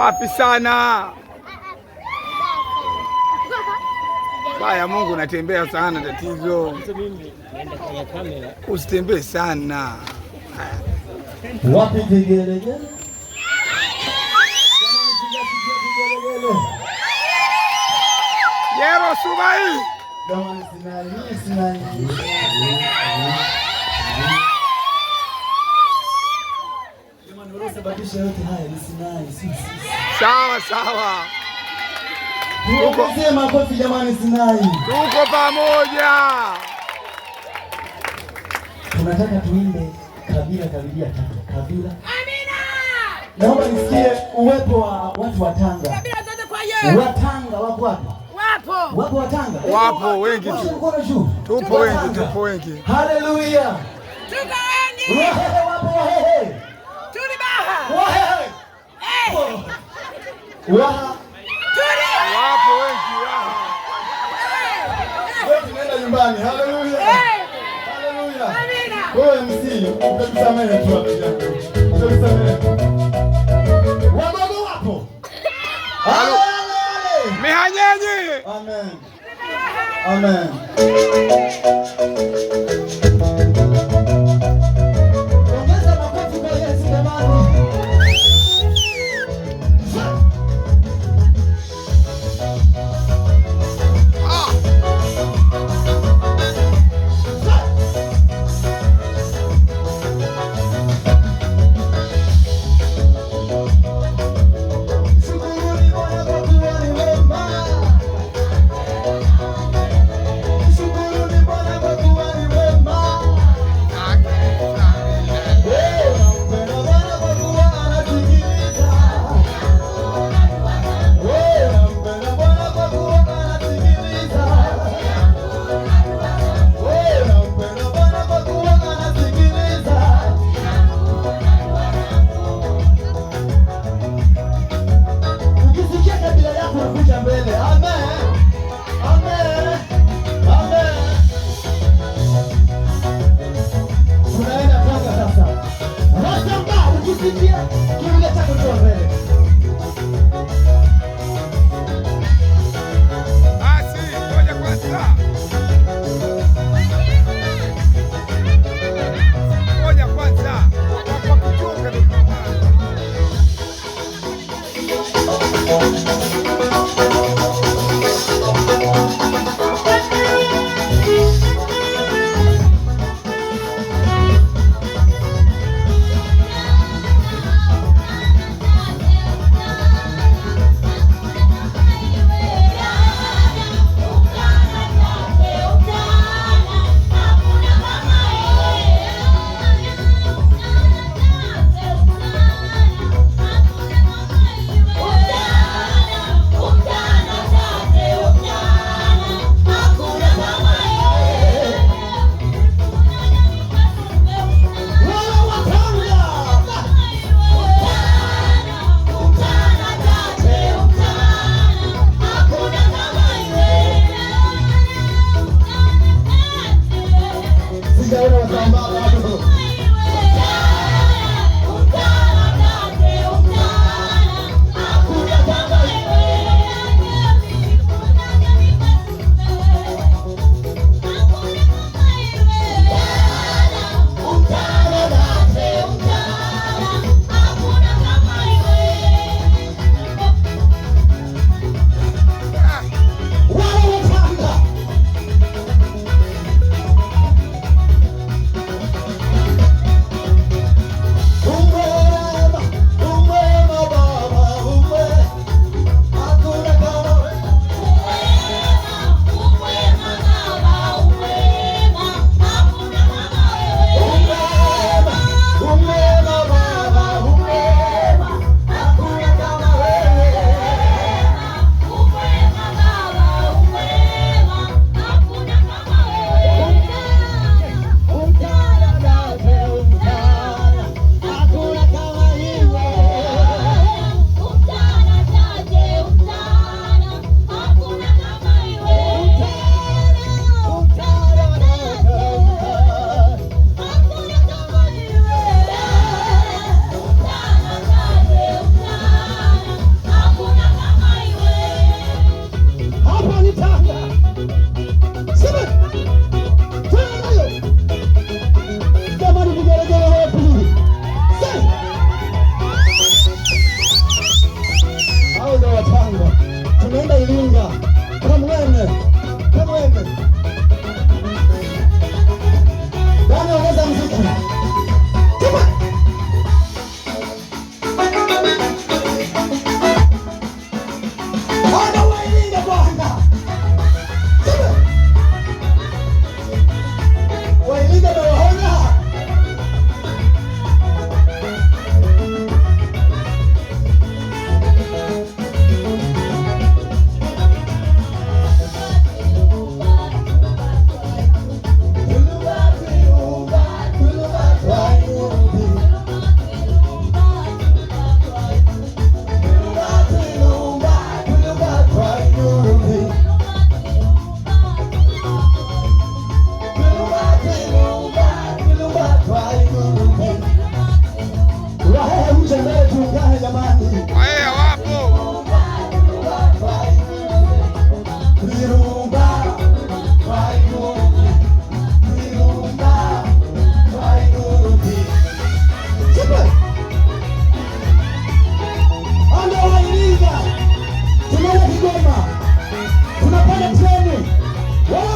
Safi sana. Baya Mungu, natembea sana, tatizo usitembee sana. Wapi vigelegele? Jero Subai. sababisha yote haya ni Sinai Sawa sawa, tuko makofi jamani, Sinai tuko pamoja. Tunataka tuimbe kabila kabilia tatu kabila. Amina, naomba nisikie uwepo wa watu wa Tanga, kabila zote kwa yeye. Wa Tanga wapo wapi? Wapo wapo wa Tanga, wapo wengi tu, tupo wengi, tupo wengi. Haleluya, tuko wengi, wapo hehe. tunaenda nyumbani. Haleluya, haleluya. MC utakusamehe tu, utakusamehe mihanyenye. Amen, amen.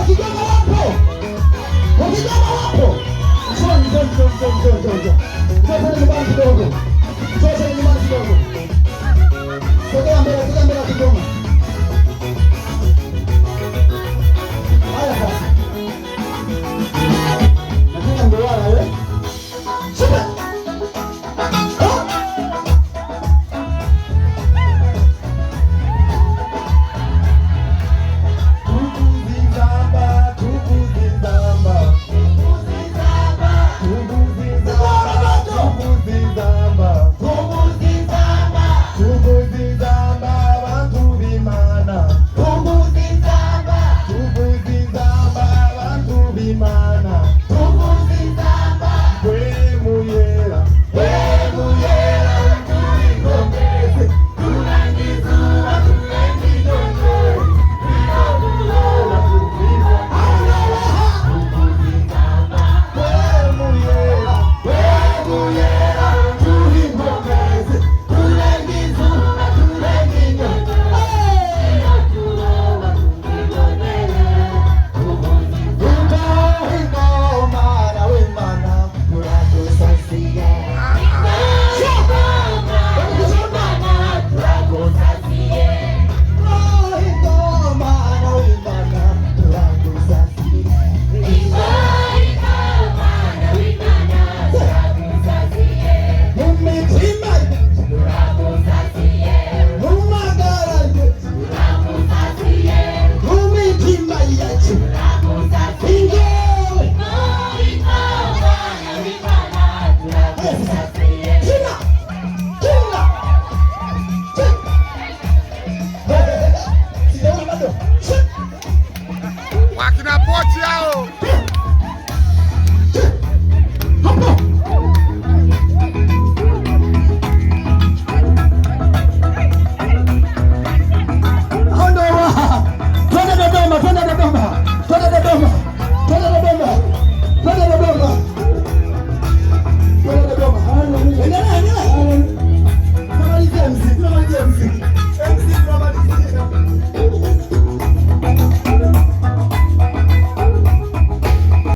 Wakijana wapo, wakijana wapo. Njoni, njoni, njoni, njoni, njoni, njoni. Sasa nyumbani kidogo, sasa nyumbani kidogo. Sogea mbele, sogea mbele kidogo.